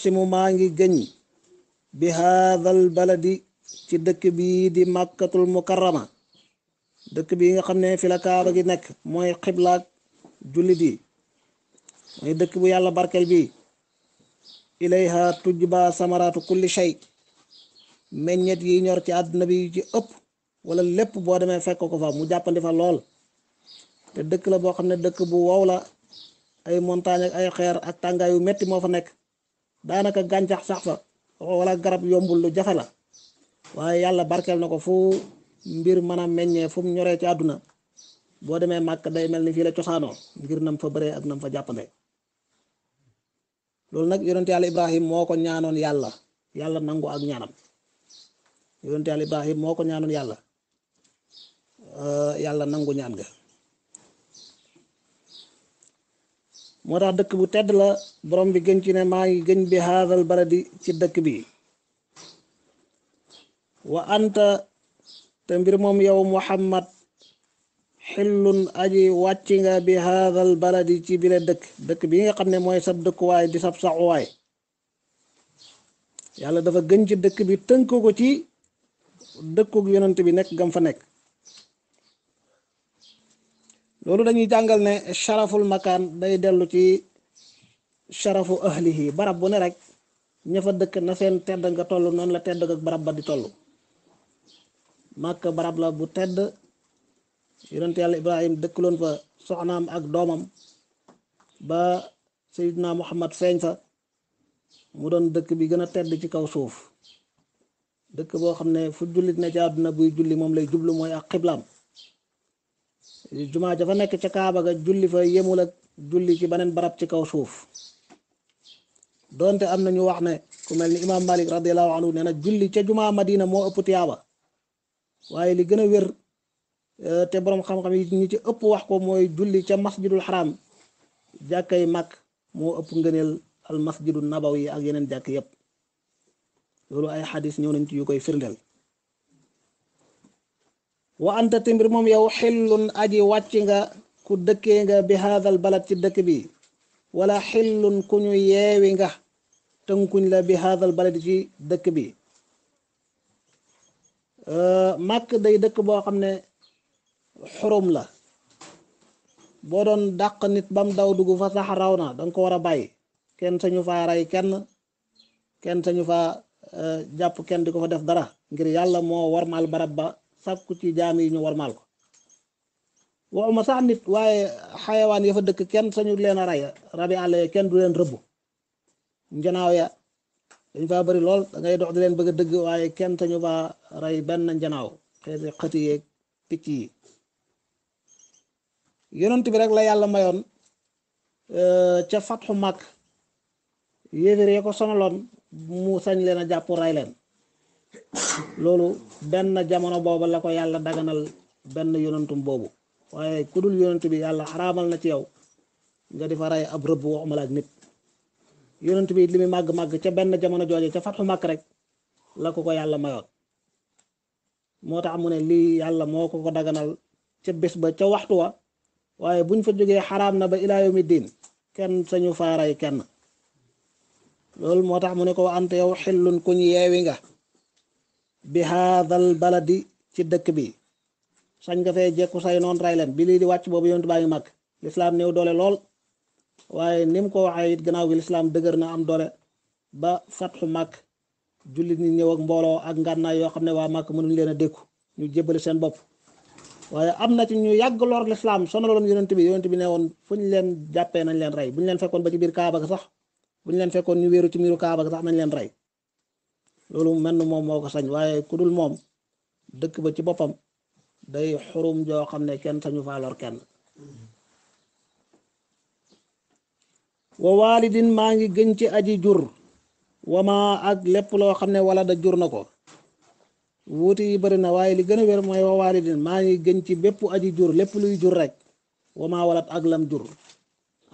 si mu maa ngi gëñ bi haadal baladi ci dëkk bii di màkkatul mukarrama dëkk bii nga xam ne fi kaaba gi nekk mooy xiblaak jullit bi mooy dëkk bu yàlla barkel bi ilayha tujba samaraatu kulli shay meññet yi ñor ci àdduna bi ci ëpp wala lépp boo demee fekk ko fa mu jàppandi fa lool te dëkk la boo xam ne dëkk bu wow la ay montagne ak ay xeer ak tanga yu metti mo fa nek danaka ganjax sax fa wala garab yombul lu jafe waye yalla barkel nako fu mbir mana a fu mu ñoree ci aduna bo demee mak day melni fi la ciosano ngir nam fa bëree ak nam fa jàppande loolu nak yonent yalla Ibrahim moko ñaanon yalla yalla nangu ak ñaanam yonent yalla Ibrahim moko ñaanon yalla yàlla yalla nangu ñaan ga moo tax dëkk bu tedd la borom bi gën ci ne maa ngi gën bi haadal baradi ci dëkk bi wa anta te mbir moom yow muhammad xillun aji wàcci nga bi haadal baradi ci bile dëkk dëkk bi nga xam ne mooy sab dëkkuwaay di sab saxuwaay yàlla dafa gën ci dëkk bi tënk ko ci dëkku yonent bi nekk gam fa nekk loolu dañuy jàngal ne sharaful makaan day dellu ci sharafu ahlihi barab bu ne rek ña dëkk na seen tedd nga toll noonu la tedd ak barab ba di toll màkk barab la bu tedd yonent yàlla ibrahim dëkkloon fa soxnaam ak doomam ba sayidna muhammad feeñ fa mu doon dëkk bi gën a tedd ci kaw suuf dëkk boo xam ne fu jullit ne ci àdduna buy julli moom lay jublu mooy ak xiblaam jumaa jafa nekk ca Kaaba ga julli fa yemul julli ci beneen barab ci kaw suuf doonte am na ñu wax ne ku mel ni imaam Malik radiyallahu anhu nee na julli ca jumaa Madina moo ëpp tiyaaba waaye li gën a wér eh, te borom xam-xam ñi ci ëpp wax ko mooy julli ca masjidul xaram jàkkay mag moo ëpp ngëneel al masjidul nabawi ak yeneen jàkk yépp loolu ay xadis ñëw nañ ci yu koy firndeel. wa anta te mbir moom yow xillun aji wàcc nga ku dëkkee nga bi haadal balad ci dëkk bi wala xillun ku ñu yeewi nga tënkuñ la bi haadal balad ci dëkk bi euh, màkk day dëkk boo xam ne xurum la boo doon dàq nit bam daw dugg fa sax raw na danga ko war a bàyyi kenn sañu faa rey kenn kenn sañu faa euh, jàpp kenn di ko fa def dara ngir yàlla moo warmaal barab ba sàkku ci jaam yi ñu war warmaal ko waxuma sax nit waaye xayewaan ya fa dëkk kenn sañu leen a ray rabi àll ya kenn du leen rëbbu njanaaw ya dañ faa bari lool dangay dox di leen bëgg a dëgg waaye kenn sañu faa ray benn njanaaw xeeti xëti yeeg picc yi yonent bi rek la yàlla mayoon e, ca fatxu màkk yéeféer ya ko sonaloon mu sañ leen a jàpp rey leen loolu benn jamono boobu la ko yàlla daganal benn yonantum boobu waaye ku dul bi yàlla xaraamal na ci yow nga di fa rey ab rëbb waxuma la ak nit yonant bi li màgg-màgg ca benn jamono jooje ca fatxu màkk rek la ko ko yàlla mayoon moo tax mu ne lii yàlla moo ko ko daganal ca bés ba ca waxtu wa waaye buñ fa jógee xaraam na ba ilaa yawmi diin kenn sañu faaray kenn loolu moo tax mu ne ko wa ante yow xillun ku ñu nga bi haadal baladi ci dëkk bi sañ nga fee jekku say noon ray leen bi lii di wàcc boobu yontu baa ngi mag lislaam new doole lool waaye ni mu ko waxee it gannaaw gi lislaam dëgër na am doole ba fatxu mag jullit ñi ñëw ak mbooloo ak ngannaay yoo xam ne waa mag mënuñ leen a dékku ñu jébbali seen bopp waaye am na ci ñu yàgg lor lislaam sonaloon yonent bi yonent bi ne woon fu ñu leen jàppee nañ leen rey bu ñu leen fekkoon ba ci biir kaaba ga sax leen fekkoon ñu wéeru ci kaaba ga nañ leen rey loolu menn moom moo ko sañ waaye ku dul moom dëkk ba ci boppam day xurum joo xam ne kenn sañu faa kenn wa waalidin maa ngi gën ci aji jur wama ak lépp loo xam ne wala da jur na ko wuuti yi bëri li gën a wér mooy wa waalidin maa ngi gën ci bépp aji jur lépp luy jur rek wama walat ak jur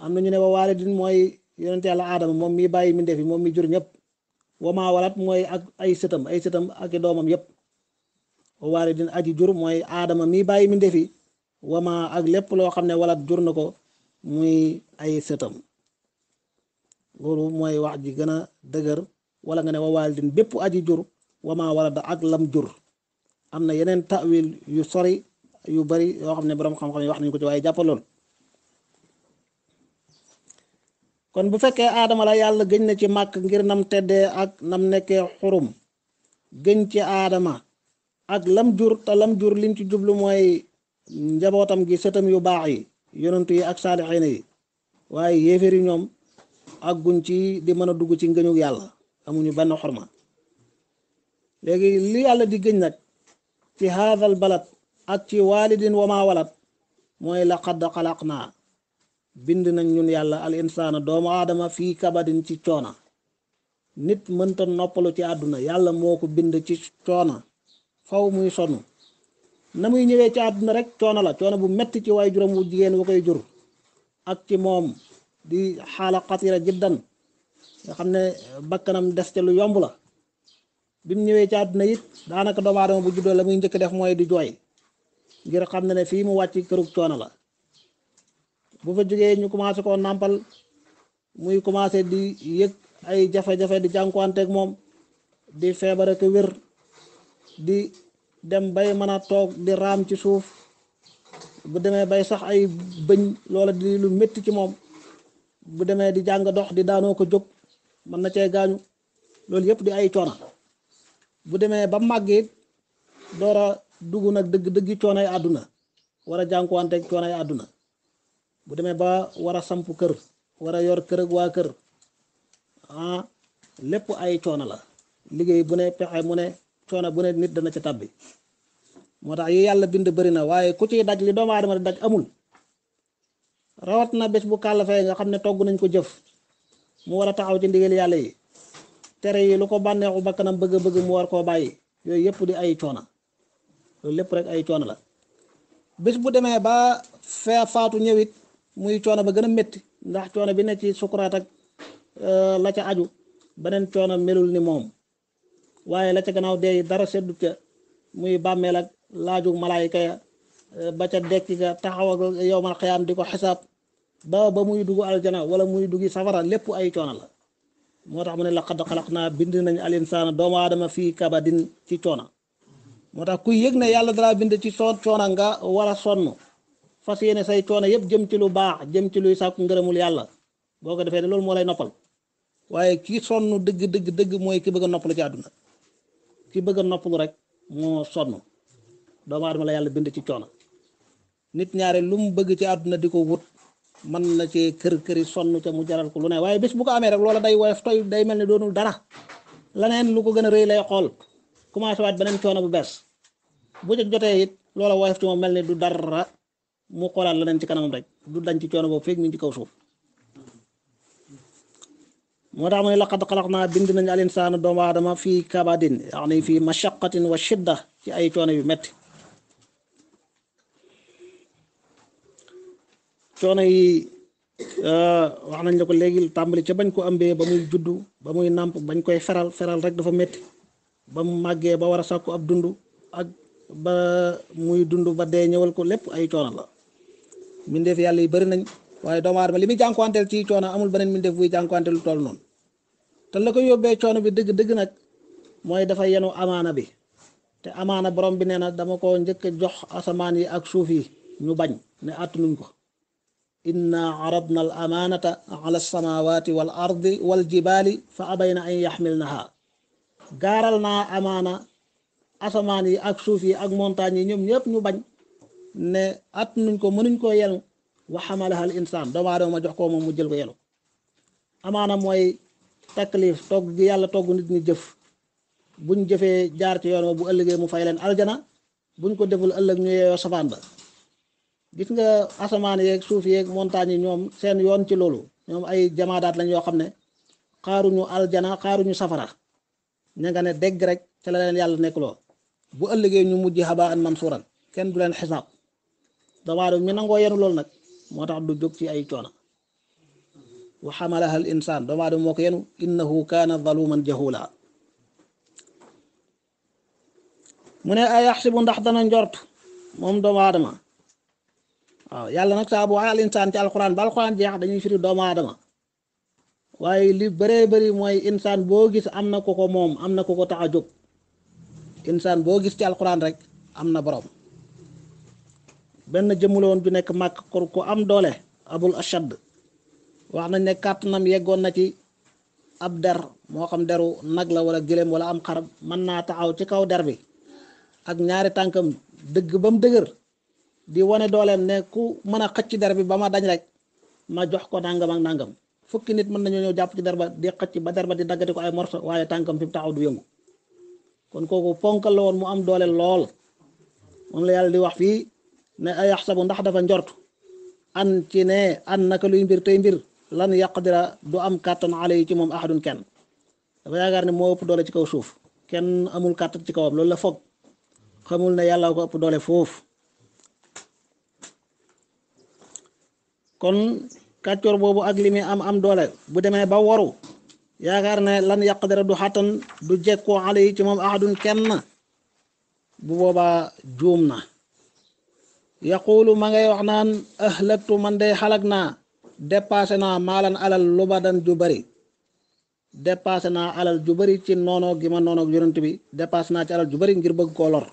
am na ñu ne wa waalidin mooy yonent yàlla aadama moom mi bàyyi mi ndefi moom mi jur ñëpp wamaa walaat mooy ak ay sëtam ay sëtam ak doomam yëpp wa din aji jur mooy aadama mi bàyyi mi ndefi wamaa ak lépp loo xam ne walaat jur na ko muy ay sëtam loolu mooy wax ji gën a dëgër wala nga ne wa waalidin bépp aji jur wamaa walat ak lam jur am na yeneen tawil yu sori yu bari yoo xam ne boroom xam-xam yi wax nañu ko ci waaye jàppaloon kon bu ke adama la yalla geñ na ci mak ngir nam tedde ak nam nekké hurum geñ ci adama ak lam jur ta lam jur liñ ci djublu moy njabotam gi setam yu baax yi yonent yi ak salihin yi waye yeferi ñom ak guñ ci di mëna dugg ci ngeñu yalla amuñu ben xorma legi li yalla di geñ nak ci haadal balad ak ci walidin wa ma walad moy laqad xalaq bind nañ ñun yàlla al insaana doomu aadama fii kabadin ci coona nit mënta noppalu ci àdduna yàlla moo ko bind ci coona faw muy sonn na muy ñëwee ci àdduna rek coono la coono bu metti ci waay juróom wu jigéen wa koy jur ak ci moom di xaala xatira jiddan xam ne bakkanam des te lu yomb la bi ñëwee ci àdduna it daanaka doomu aadama bu juddoo la muy njëkk def mooy di jooy ngir xam ne ne fii mu wàcc kërug coono la bu fa jógee ñu commencé koo nàmpal muy commencé di yëg ay jafe-jafe di jànkuwanteeg moom di feebare ak wér di dem bay mën a toog di raam ci suuf bu demee bay sax ay bëñ loola di lu métti ci moom bu demee di jàng dox di daanoo ko jóg mën na cee gaañu loolu yëpp di ay coono bu demee ba màgg it door dugg nag dëgg dëgg coono ay àdduna war a jànkuwanteeg coono ay àdduna bu demee ba war a samp kër war a yor kër waa kër ah, lépp ay coono la liggéey bu ne pexe mu ne coono bu ne nit dana ca tàbbi moo tax yi yàlla bind bëri na waaye ku ci daj li doomu aadama di daj amul rawat na bés bu kàllafee nga xam ne togg nañ ko jëf mu war a taxaw ci ndigal yàlla yi tere yi lu ko bànneexu bakkanam bëgg bëgg mu war koo bàyyi yooyu yëpp di ay coono loolu lépp rek ay coono la bés bu demee ba fee faatu ñëwit muy coono ba gën a métti ndax coono bi ne ci sukuraat ak euh, la ca aju beneen coono melul ni moom waaye la ca gannaaw dee dara seddu ca muy bàmmeel ak laaju malaayika ya euh, ba ca dekk ga taxaw ak yowmal xiyaam di ko xisaab ba ba muy dugg aljana wala muy dugg safara lépp ay coono la moo tax mu ne laqad xalaq naa bind nañ al insaana doomu aadama fii kabadin ci coona moo tax ku yëg ne yàlla dara bind ci coona nga war sonn fas yéene say coono yëpp jëm ci lu baax jëm ci luy sàkku ngërëmul yàlla boo ko defee de loolu moo lay noppal waaye ki sonn dëgg dëgg dëgg mooy ki bëgg a noppalu ci àdduna ki bëgg a noppalu rek moo sonn doomu aadama la yàlla bind ci coono nit ñaare lu mu bëgg ci àdduna di ko wut mën na ci kër këri sonn ca mu jaral ko lu ne waaye bés bu ko amee rek loola day woyof toy day mel ni doonul dara laneen lu ko gën a rëy lay xool commencé waat beneen coono bu bees bu mu xoolaat leneen ci kanam rek du dañ ci coono boobu feeg mi ngi ci kaw suuf moo tax mu ne laqad xalaq naa bind nañu al doomu aadama fii kabadin yaani fii mashaqatin wa shidda ci ay coono yu metti coono yi euh, wax nañ la ko léegi tàmbali ca bañ ko ambee ba muy juddu ba muy nàmp bañ koy feral feral rek dafa metti ba mu màggee ba war a sàkku ab dund ak ba muy dund ba dee ñëwal ko lépp ay coono mbindeef yàlla yi bëri nañ waaye doomu aadama li muy jànkuwanteel ci coono amul beneen mbindeef buy jànkuwanteel lu toll noonu te la ko yóbbee coono bi dëgg dëgg nag mooy dafa yenu amaana bi te amaana borom bi nee na dama ko njëkk jox asamaan yi ak suuf yi ñu bañ ne àttanuñ ko inna aradna al amaanata ala samawati wal ardi wal jibaali fa abayna an yaxmilnaha gaaral naa amaana asamaan yi ak suuf yi ak montagne yi ñoom ñëpp ñu bañ ne at nuñ ko mënuñ koo yelu wa xamalaha al insaan doomu aadama ma jox ko moom mu jël ko yelu amaana mooy taklif togg gi yàlla togg nit ñi jëf buñ jëfee jaar ci yoon wa bu ëllëgee mu fay leen aljana buñ ko deful ëllëg ñu yeeyoo safaan ba gis nga asamaan yeek suuf yeeg montagne yi ñoom seen yoon ci loolu ñoom ay jamaadaat lañ yoo xam ne xaaruñu aljana xaaruñu safara ña nga ne dégg rek ca la leen yàlla nekk loo bu ëllëgee ñu mujj xabaa an mansuuran kenn damaa doon mi nangoo yenu loolu nag moo tax du jóg ci ay coono wa xamalaha al insaan damaa doon moo ko yenu innahu kaana zaluman jahula mu ne ndax dana njort moom doomu aadama waaw yàlla nag saabu bu waxee al insaan ci alquran ba alquran jeex dañuy firi doomu aadama waaye li bëree bëri mooy insaan boo gis am na ko moom am na ko ko tax a jóg insaan boo gis ci alquran rek am na boroom benn jëmm la woon ju nekk màkk kor ku am doole abul ashad wax nañ ne kàttanam yeggoon na ci ab der moo xam deru nag la wala gëléem wala am xarab mën naa taxaw ci kaw der bi ak ñaari tànkam dëgg ba mu dëgër di wane dooleem ne ku mën a xëcc der bi ba ma dañ rek ma jox ko nangam ak nangam fukki nit mën nañoo ñëw jàpp ci der ba di xëcc ba der ba di daggati ko ay morso waaye tànkam fi mu taxaw du yëngu kon kooku ponkal la woon mu am doole lool moom la yàlla ne a yaxsabu ndax dafa njort an ci ne an naka luy mbir tey mbir lan yaqdira du am kàttan alay ci moom ahadun kenn dafa yaakaar ne moo ëpp doole ci kaw suuf kenn amul kàttan ci kawam loolu la foog xamul ne yàlla ko ëpp doole foofu kon kàccoor boobu ak li muy am am doole bu demee ba waru yaakaar ne lan yaqdira du xattan du jekkoo alay ci moom ahadun kenn bu boobaa juum na yaqulu ma ngay wax naan ahlaktu man de xalak naa dépassé naa maalan alal lubadan ju bari dépassé naa alal ju bari ci noono gi ma noono yonent bi dépassé naa ci alal ju bari ngir bëgg koo lor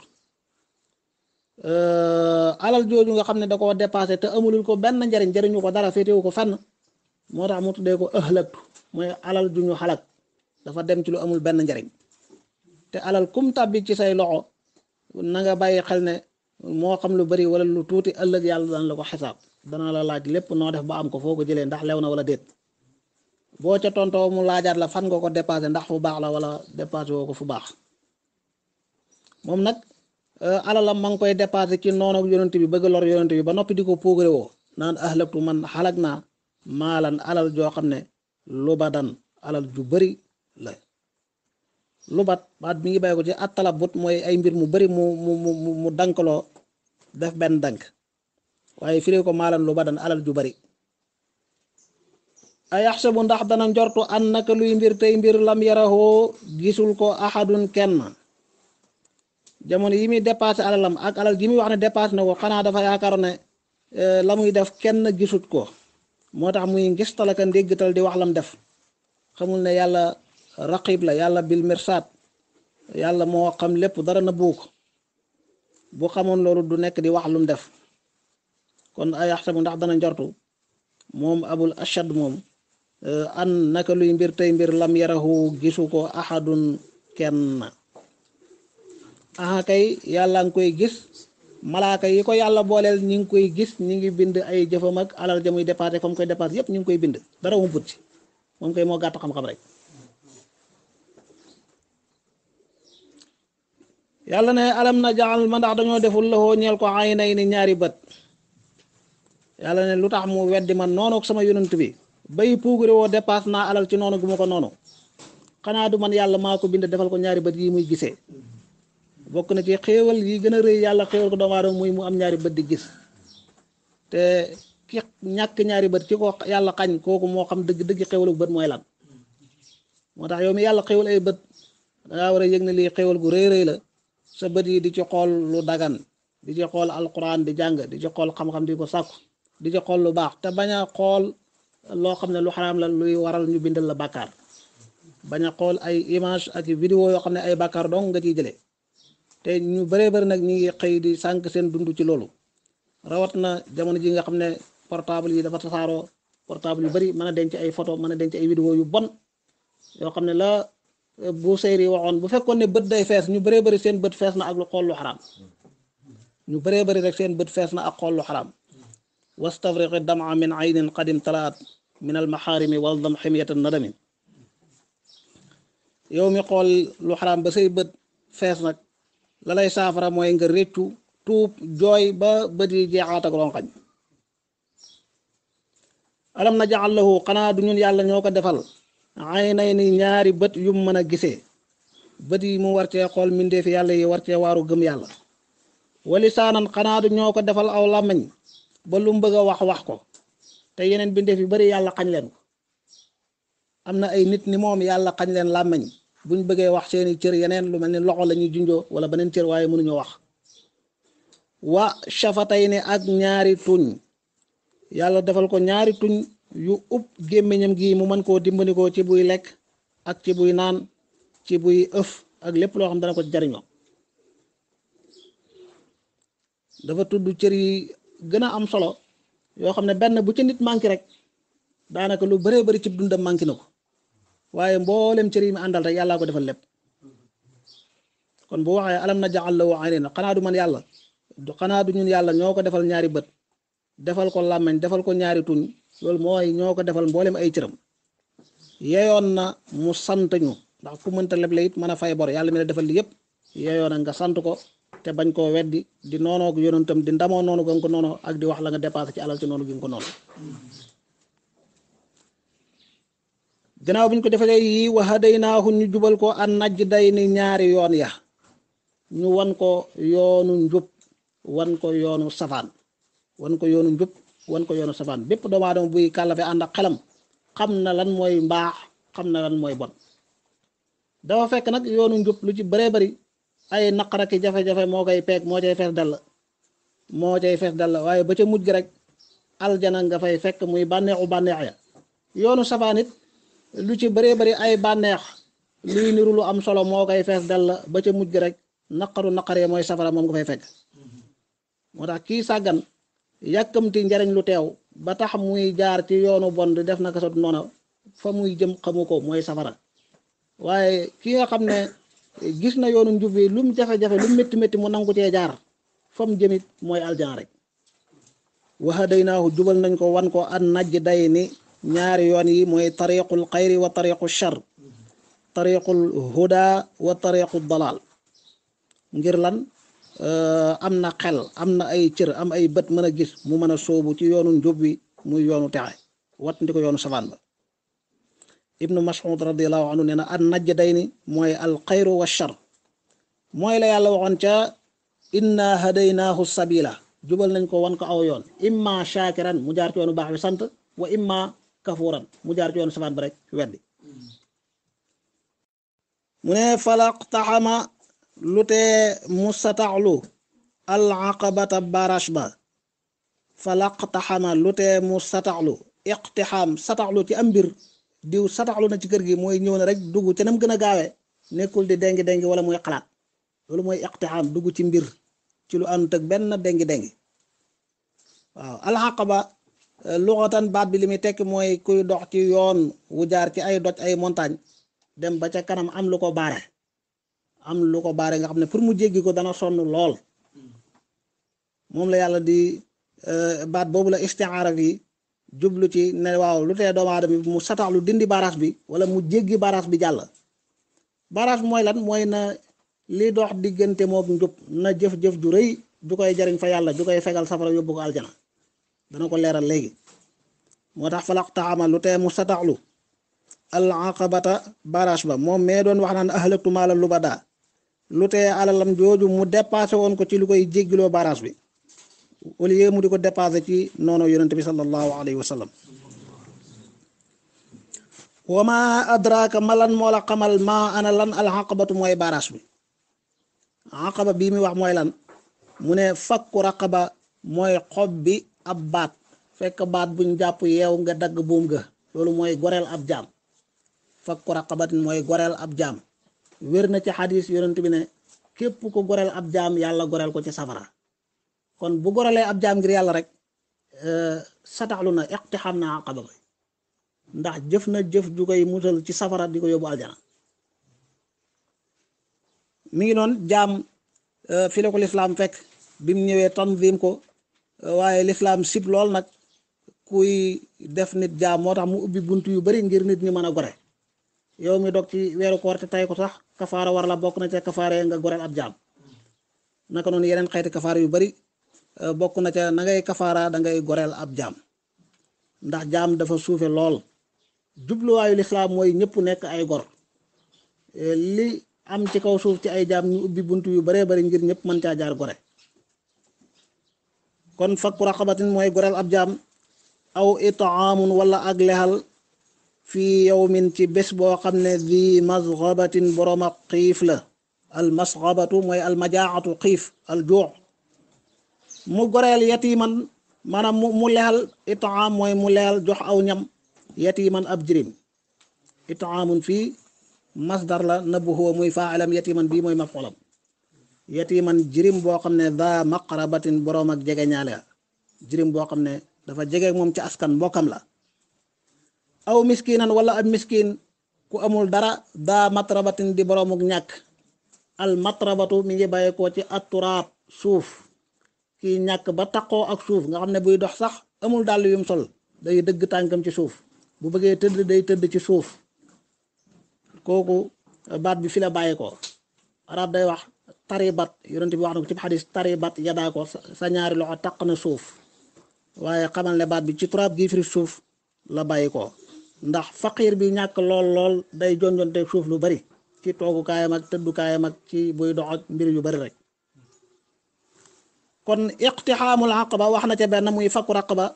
euh, alal jooju nga xam ne da ko dépassé te amulul ko benn njariñ njariñu ko dara féetewu ko fan moo tax mu tuddee ko ahlaktu mooy alal ju ñu xalak dafa dem ci lu amul benn njariñ te alal kum tàbbi ci say loxo na bàyyi xel ne moo xam lu bari wala lu tuuti ëllëg yàlla dana la ko xisaab dana la laaj lépp noo def ba am ko foo ko jëlee ndax lew na wala déet boo ca tontoo mu laajaat la fan nga ko dépassé ndax fu baax la wala dépassé woo ko fu baax moom nag euh, alalam ma ngi koy dépassé ci noonu yonent bi bëgg lor yonent bi ba noppi di ko puugare woo naan ahlaktu man xalag naa maalan alal joo xam ne lubadan alal ju bari la lubat baat mi ngi bàyyi ko ci attalabut mooy ay mbir mu bari mu mu mu mu def benn dànk waaye firi ko malan lu badan alal ju bari ayaxsabu ndax dana njortu an luy mbir tay mbir lam yaraho gisul ko ahadun ken jamono yimi muy alalam ak alal gimi muy wax ne dépassé na ko xana dafa yakarone ne eh, def kenn gisut ko motax muy ngistal ak ndéggatal di wax lam def xamul ne yalla raqib la yalla bil mirsad yalla mo xam lepp dara na buko bu xamoon loolu du nekk di wax lum def kon ay yaxtamu ndax dana njortu moom abul ashad moom eh, an naka luy mbir tey mbir lam yarahu gisu ko ahadun kenn aha kay yàlla nga koy gis malaaka yi ko yàlla booleel ñi ngi koy gis ñi ngi bind ay jëfam ak alal ja muy dépassé fa mu koy dépassé yépp ñu ngi koy bind dara mu put ci moom kay moo gàtt xam-xam rek yàlla ne alam na jaal ma ndax dañoo deful loxo ñeel ko ay nay ñaari bët yàlla ne lu tax mu weddi man noonu ak sama yonent bi bay puugure woo dépasse naa alal ci noonu gu ko noonu xanaa du man yàlla maa ko bind defal ko ñaari bët yi muy gisee bokk na ci xéewal gën a rëy yàlla xéewal ko mu am ñaari bët di gis te ki ñàkk ñaari bët ki ko yàlla xañ kooku moo xam dëgg dëgg xéewalu bët mooy lan moo tax yow yàlla xéewal ay bët dangaa war a yëg ne lii xéewal gu rëy rëy la sa bët yi di ci xool lu dagan di ci xool alquran di jàng di ci xool xam-xam di ko sàkku di ci xool lu baax te bañ a xool loo xam ne lu xaraam la luy waral ñu bindal la bàkkaar bañ a xool ay image ak vidéo yoo xam ne ay dong nga ciy jëlee te ñu bëree bëri nag ñu ngi xëy di sànq seen dund ci loolu rawat na jamono ji nga xam ne portable yi dafa tasaaroo portable yu bari mën a denc ay photo mën a denc ay vidéo yu bon yoo xam ne la Busayri waxoon bu fekkoon ne bët day fees ñu bëree bëri seen bët fees na ak lu xool lu xaraam ñu bëree bëri rek seen bët fees na ak xool lu xaraam wastafriqi damaa min aynin qadim talaat min al maxaarimi waldam ximyatan nadami yow mi xool lu xaraam ba say bët fees nag la lay saafara mooy nga réccu tuub jooy ba bët yi jeexaat ak ronxañ alam na jaxal lahu xanaa du ñun yàlla ñoo ko defal ay nay ni ñaari bët yu mën a gisee bët yi mu war cee xool mbindeefi yàlla yi war cee waaru gëm yàlla wali saanan xanaa du ñoo ko defal aw làmmañ ba lu mu bëgg a wax wax ko te yeneen bindeef yu bari yàlla xañ leen ko am na ay nit ni moom yàlla xañ leen làmmañ buñ bëggee wax seeni cër yeneen lu mel ni loxo lañuy ñuy junjoo wala beneen cër waaye mënuñoo wax wa shafatay ne ak ñaari tuñ yàlla defal ko ñaari tuñ yu ub gémmiñam gi mu mën koo dimbandikoo ci buy lekk ak ci buy naan ci buy ëf ak lépp loo xam dana ko jariñoo dafa tudd cër yi gën a am solo yoo xam ne benn bu ci nit manqué rek daanaka lu bëree bëri ci dundam manqué na ko waaye mboolem cër yi mu àndal rek yàllaa ko defal lépp kon bu waxee alam na jaxal la waxee na xanaa du man yàlla xanaa du ñun yàlla ñoo ko defal ñaari bët defal ko làmmiñ defal ko ñaari tuñ lol moy ñoko defal mboolem ay cëram yeyon na mu sant ñu ndax ku mën ta it leet mëna fay bor yalla mi la defal li yépp yeyon nga sant ko té bañ ko wéddi di nono, ak yonentam di ndamo nono, gën ko nono ak di wax la nga dépassé ci alal ci nono gi nga ko nono ginaaw buñ ko defalé yi wa hadaynahu ñu jubal ko an najj day ñaari yoon ya ñu wan ko yoonu njub wan ko yoonu safan wan ko yoonu njub wan ko yoonu safaan bépp doomu aadama buy kàllafe ànd ak xelam xam na lan mooy mbaax xam na lan mooy bon dafa fekk nag yoonu njub lu ci bëree bari ay naqara ki jafe moo koy peeg moo cay fees dell moo cay fees dell waaye ba ca mujj rek aljana nga fay fekk muy bànneexu bànneex yoonu safaan lu ci bëree bëri ay bànneex luy niru lu am solo moo koy fees dell ba ca gi rek naqaru naqaree mooy safara moom nga fay fekk moo tax kii sàggan yàkkamti njariñ lu teew ba tax muy jaar ci yoonu bond def na kasot noona fa muy jëm xamu ko mooy safara waaye ki nga xam ne gis na yoonu njub bi lum jafe-jafe lum métti métti mu nangu cee jaar fa mu jëmit mooy aljan rek waxa day naahu jubal nañ ko wan ko an najj day ni ñaari yoon yi mooy tariqul xayri wa tariqu char tariqul huda wa tariqu dalal ngir lan am na xel am na ay cër am ay bët mën a gis mu mën a sóobu ci yoonu njub bi muy yoonu texe wat ndi ko yoonu safaan ba ibnu mas'ud radiallahu anhu nee na an najj day ni mooy al xayru wa char mooy la yàlla waxoon ca inna hadaynaahu sabila jubal nañ ko wan ko aw yoon imma shakiran mu jaar ci yoonu baax bi sant wa imma kafuran mu jaar ci yoonu safaan ba rek weddi mu ne falaqtaxama Lute tee al aqabata barashba, ba lute lu tee mu sataxlu iqtixaam sataxlu ci ambir mbir diw sataxlu na ci kër gi mooy ñëw na rek dugg ci nam gën a gaawee nekkul di dengi dengi wala muy xalaat loolu mooy iqtixaam dugg ci mbir ci lu ànd ak benn dengi dengi waaw alxaqaba luxatan baat bi li muy tekki kuy dox ci yoon wu jaar ci ay doj ay montagne dem ba ca kanam am lu ko baare am lu ko bare nga xamne ne pour mu jéggi ko dana sonn lool mom la yalla di euh, baat bobu la istiaara bi jublu ci ne waaw lu té doomu adam mu mu lu dindi baras bi wala mu jéggi baras bi jalla Baras moy lan moy na li dox diggante moom njub na jëf-jëf du reuy du koy jariñ fa yalla du koy fegal safara yobbu ko aljana dana ko leeral legi motax falaq ta'ama lu té mu sataxlu al aqabata barage ba mom me don wax nan ahlaktu lubada lu te alalam jooju mu dépassé woon ko ci lu koy jéggiloo barage bi au lieu mu di ko dépassé ci noonu yonente bi sallallahu alayhi wa sallam wa ma adraka malan moo la xamal ma ana lan alxaqabatu mooy barage bi xaqaba bii mi wax mooy lan mu ne fakku raqaba mooy xob bi ab baat fekk baat buñ jàpp yeew nga dagg buum ga loolu mooy goreel ab jaam fakku raqabatin mooy goreel ab jaam wér na ci xadis yonent bi ne képp ku goreel ab jaam yàlla goreel ko ci safara kon bu gorelee ab jaam ngir yàlla rek euh, sataxlu na iqtixam na aqaba bi ndax jëf na jëf ju koy musal ci safara di ko yóbbu aljana mi ngi noon jaam euh, fi la ko lislaam fekk bi mu ñëwee tanzim ko euh, waaye lislaam sib lool nag kuy def nit jaam moo tax mu ubbi bunt yu bari ngir nit ñi mën a gore yow mi dog ci weeru koor te tey ko sax kafaara war la bokk na ca kafaara nga goreel ab jaam naka noonu yeneen xeeti kafaara yu bari eh, bokk na ca na ngay kafaara da ngay goreel ab jaam ndax jaam dafa suufe lool jubluwaayu lislaam mooy ñëpp nekk ay gor eh, li am ci kaw suuf ci ay jaam ñu ubbi bunt yu baree bari ngir ñëpp mën caa jaar gore kon fakku raqabatin mooy goreel ab jaam aw itaamun wala ak lexal في يوم تبس بو ذي مزغبة برم قيف له المسغبة موي المجاعة قيف الجوع مغرى اليتيما من مولال اطعام موي مولال جوح او نم يتيما ابجرين اطعام في مصدر لا نبوه موي فاعلم يتيما بي موي مفعولم يتيما جريم بو خمنا ذا مقربة برم جيغنالا جريم بو خمنا دا فا جيغي بوكم لا aw miskinan wala ab miskin ku amul dara da matrabatin di ak ñak al matrabatu mi ngi ko ci atturaab suuf ki ñak ba taqoo ak suuf nga xamne buy dox sax amul dalu yum sol day deug tankam ci suuf bu bëggee teud day teud ci suuf koku baat bi fi la ko arab day wax taribat yaronte bi wax ci hadith taribat yada ko sa ñaari loxo takna suuf waye xamal ne baat bi ci turab gi firi suuf la ko ndax faqiir bi ñàkk lool lool day jonjonte suuf lu bari ci toogukaayam ak tëddukaayam ak ci buy dox ak mbir yu bari rek kon iqtixaamul aqaba wax na ca benn muy fakku raqaba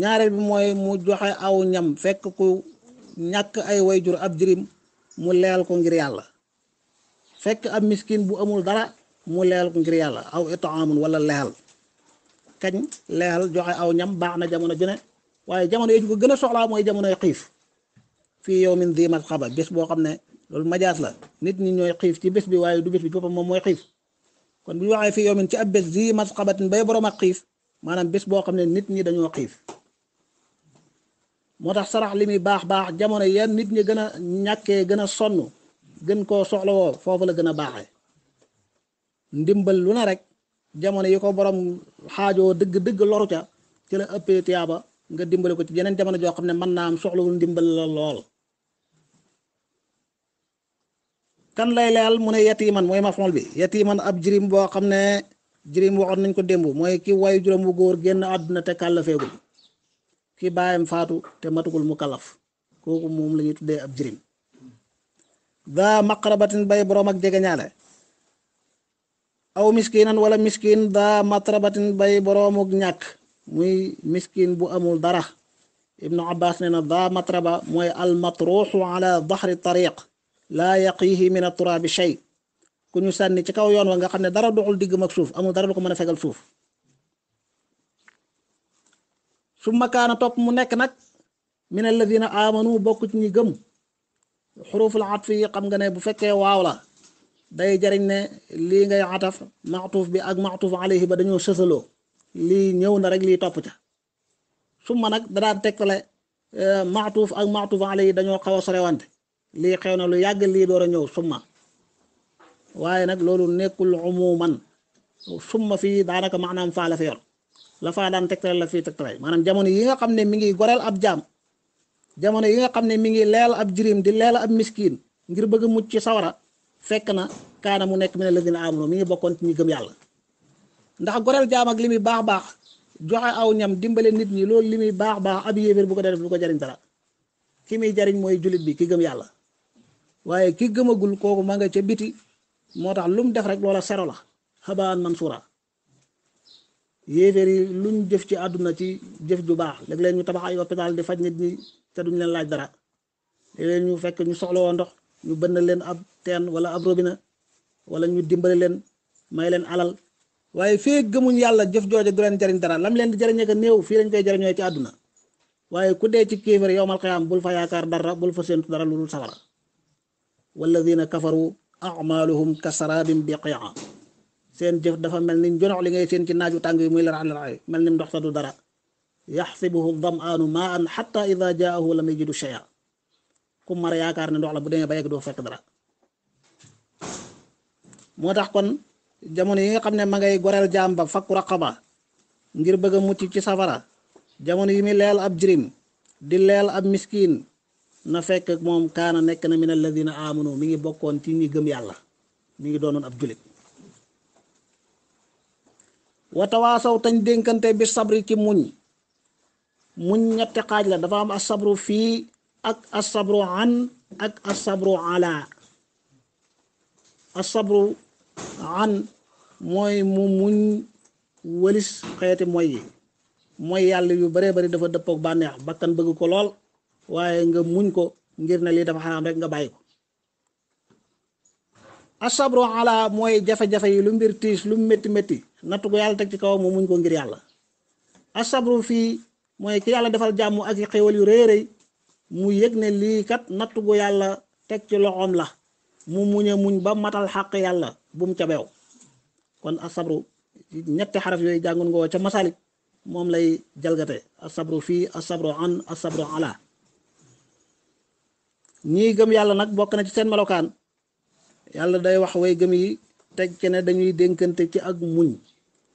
ñaareel bi mooy mu joxe aw ñam fekk ku ñàkk ay wayjur ab jirim mu leel ko ngir yàlla fekk ab miskin bu amul dara mu leel ku ngir yàlla aw itaamun wala leel kañ leel joxe aw ñam baax na jamono jëne ne waaye jamono yi ko gën a soxlaa mooy jamonoy xiif fii yow min diimal xaba bés boo xam ne loolu majaas la nit ñi ñooy xiif ci bés bi waaye du bés bi boppam moom mooy xiif kon bu ñu waxee fii min ci ab bés diimal xabatin bay borom ak xiif maanaam bés boo xam ne nit ñi dañoo xiif moo tax sarax li muy jamono yan nit ñi gën a ñàkkee gën a sonn wo koo la gën a baaxee ndimbal lu na rek jamono yi borom xaajoo dëgg dëgg ci la ëppee tiyaaba nga dimbale ko ci yeneen jamono jo xam man mën naa am soxlawul ndimbal la kan lay layal mu ne yatiiman mooy maf'ul bi yatiiman ab jirim boo xam ne jirim waxoon nañ ko démb mooy ki wayu juróom bu góor génn àdduna te kàllafeegul ki baayam faatu te matugul mu kalaf kooku moom la ñuy tuddee ab jirim daa maqrabatin bay boroom ak jegeñaale aw miskinan wala miskin daa matrabatin bay boroom ak ñàkk muy miskin bu amul dara ibnu abbas nee na daa matraba mooy almatruxu ala daxri tariq laa yaqihi min at-turaabi shay ku ñu sànni ci kaw yoon wa nga xam ne dara doxul diggam ak suuf amul dara lu ko mën a fegal suuf su makaana topp mu nekk nag min alladina amanu bokk ci ñi gëm xuruful atfi yi xam nga ne bu fekkee waaw la day jariñ ne lii ngay ataf maxtuuf bi ak maxtuuf alayhi ba dañoo sësaloo lii ñëw na rek lii topp ca summa nag da daan tegtale maxtuuf ak maxtuuf alayhi dañoo xaw a sorewante li xew na lu yàgg lii door a ñëw summa waaye nag loolu nekkul umuman summa fii daanaka max maanaam faa la fi yor la faa daan tegtal la fii tegtal maanaam jamono yi nga xam ne mi ngi goreel ab jaam jamono yi nga xam ne mi ngi leel ab jirim di leel ab miskiin ngir bëgg mucc ci sawara fekk na kaana mu nekk mi ne la dina amoon mi ngi bokkoon ci ñi gëm yàlla ndax goreel jaam li muy baax baax joxe aw ñam dimbale nit ñi loolu li muy baax baax ab yéeféer bu ko def du ko jariñ dara ki muy jariñ mooy jullit bi ki gëm yàlla waaye ki gëmagul kooku ma nga ca biti moo tax lu mu def rek loola sero la xabaan mansura yéeféer yi luñ jëf ci àdduna ci jëf ju baax léeg-léeg ñu tabax ay hôpital di faj nit ñi te duñ leen laaj dara léeg ñu fekk ñu soxla woon ndox ñu bënn leen ab teen wala ab robinet wala ñu dimbali leen may leen alal waaye fee gëmuñ yàlla jëf jooju du leen jariñ dara lam leen di jariñee ko néew fii lañ koy jariñoo ci àdduna waaye ku dee ci kéeféer yowmal xiyaam bul fa yaakaar dara bul fa séentu dara lu dul safara walladina kafaru amaluhum kasarabin biqia seen jëf dafa mel ni jonox li ngay seen ci naaju tàng yi muy larax larax mel ni ndox ta du dara yaxsibuhu damaanu maa an xata ida jaahu lam yajidu cheya ku mar yaakaar ne ndox la bu demee ba yegg doo fekk dara moo tax kon jamono yi nga xam ne ma ngay goreel jaam ba fakku raqaba ngir bëgg a ci safara jamono yi muy leel ab jirim di leel ab miskiin na fekk moom kaana nekk na min alladina amanu mi ngi bokkoon ci ñi gëm yàlla mi ngi doonoon ab julit watawaasaw tañ dénkante bi sabri ci muñ muñ ñetti xaaj la dafa am asabru fii ak asabru an ak asabru ala asabru an mooy mu muñ wëlis xeeti mooy yi mooy yàlla yu baree bari dafa dëppook bànneex bakkan bëgg ko lool waaye nga muñ ko ngir ne lii dafa xaraam rek nga bàyyi ko asabru ala mooy jafe-jafe yi lu mbir tiis lu métti métti nattu ko yàlla teg ci kawam mu muñ ko ngir yàlla asabru fii mooy ki yàlla defal jàmm ak i yu rëy mu yëg ne lii kat nattu gu yàlla teg ci loxoom la mu muñe muñ ba matal xàq yàlla bu mu ca beew kon asabru ñetti xaraf yooyu jàngun ngoo ca masali moom lay jalgate asabru fii asabru an asabru ala ñii gëm yàlla nag bokk na ci seen melokaan yàlla day wax way gëm yi teg ci ne dañuy dénkante ci ak muñ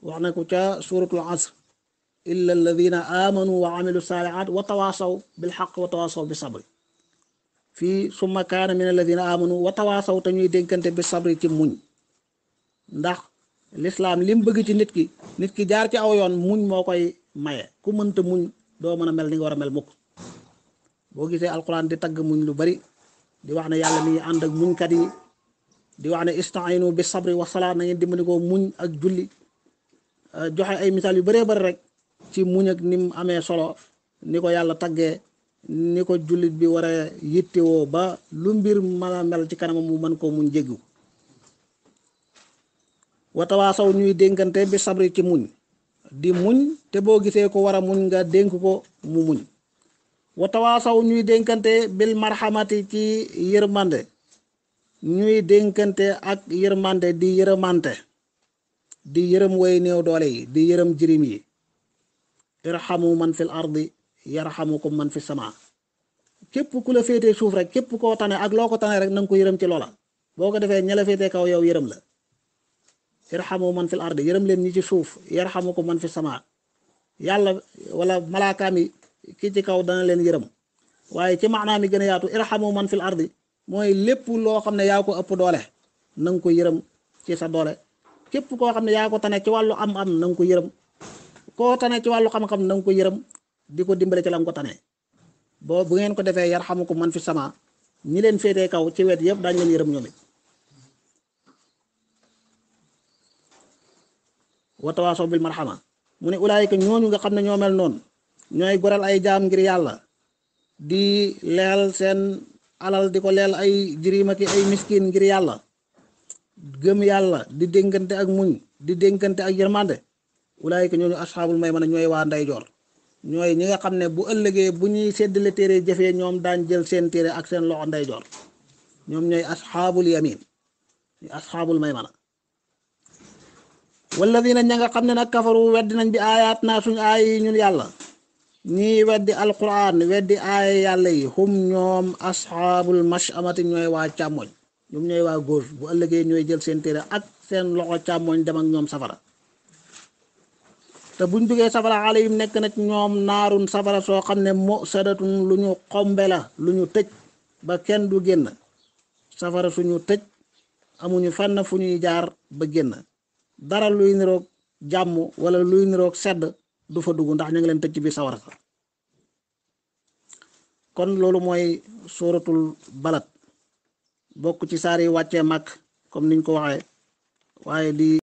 wax na ko ca suratul asr illa alladina amanu wa amilu saalihat wa bil xaq wa bi sabri fii summa kaana min alladina amanu wa tawaasaw te ñuy dénkante bi sabri ci muñ ndax lislaam lim bëgg ci nit ki nit ki jaar ci aw yoon muñ moo koy maye ku mënta muñ doo mën a mel ni nga war a mel mukk bo gisee alquran di tagg muñ lu bari di wax ne yàlla mi ànd ak kat yi di wax ne istainu bi sabri wa salaa na ngeen dimbali ko muñ ak julli euh, joxe ay misaal yu bëree bari rek ci muñ ak nim amee solo ni ko yàlla taggee ni ko jullit bi war a yittewoo ba lu mbir mën a mel ci kanamam mu mën koo muñ jéggu watawaasaw ñuy dénkante bi sabri ci muñ di muñ te boo gisee ko war a muñ nga dénk ko mu muñ wa tawaasaw ñuy dénkante bil marhamati ci yërmande ñuy dénkante ak yërmande di yërëmante di yërëm way néew doole yi di yërëm jirim yi irhamu man fil ardi ko man fi sama képp ku la féetee suuf rek képp koo tane ak loo ko tane rek na nga ko yërëm ci loola boo ko defee ña la kaw yow yërëm la irhamu man fil ardi yërëm leen ñi ci suuf yarhamukum man fi sama yàlla wala malaakaam yi ki ci kaw dana leen yërëm waaye ci maanaam mi gën a yaatu irhamu man fil ardi mooy lépp loo xam ne yaa ko ëpp doole na ko yërëm ci sa doole képp koo xam ne yaa ko tane ci wàllu am-am na ko yërëm koo tane ci wàllu xam-xam na ko yërëm di ko dimbale ci la ko tane boo bu ngeen ko defee xamu ko man fi sama ñi leen féetee kaw ci wet yëpp daañu leen yërëm ñoom it wa tawaasaw bil marhama mu ne ulaayika ñooñu nga xam ne ñoo mel noonu ñooy goral ay jaam ngir yàlla di leel seen alal di ko leel ay jirima ki ay miskin ngir yàlla gëm yàlla di dénkante ak muñ di dénkante ak yërmande wulaay ko ñooñu asxaabul may mën ñooy waa ndeyjoor ñooy ñi nga xam ne bu ëllëgee bu ñuy séddale téere jëfee ñoom daan jël seen téere ak seen loxo ndeyjoor ñoom ñooy asxaabul yamin asxaabul may mën a walladina ña nga xam ne nag kafaru wedd nañ bi aayaat naa suñu aay yi ñun yàlla ñii weddi alquran weddi aaya yàlla yi hum ñoom asxaabul mashamati ñooy waa càmmoñ ñoom ñooy waa gauche bu ëllëgee ñooy jël seen téere ak seen loxo càmmoñ dem ak ñoom safara te buñ duggee safara alayhim nekk nag ñoom naarun safara soo xam ne mu sadatun lu ñu xombe la lu ñu tëj ba kenn du génn safara suñu tëj amuñu fenn fu ñuy jaar ba génn dara luy niroog jàmm wala luy niroog sedd du fa dugg ndax ñu ngi leen tëj ci biir sawara kon loolu mooy sooratul balad bokk ci saar yi wàccee màkk comme niñ ko waxee waaye di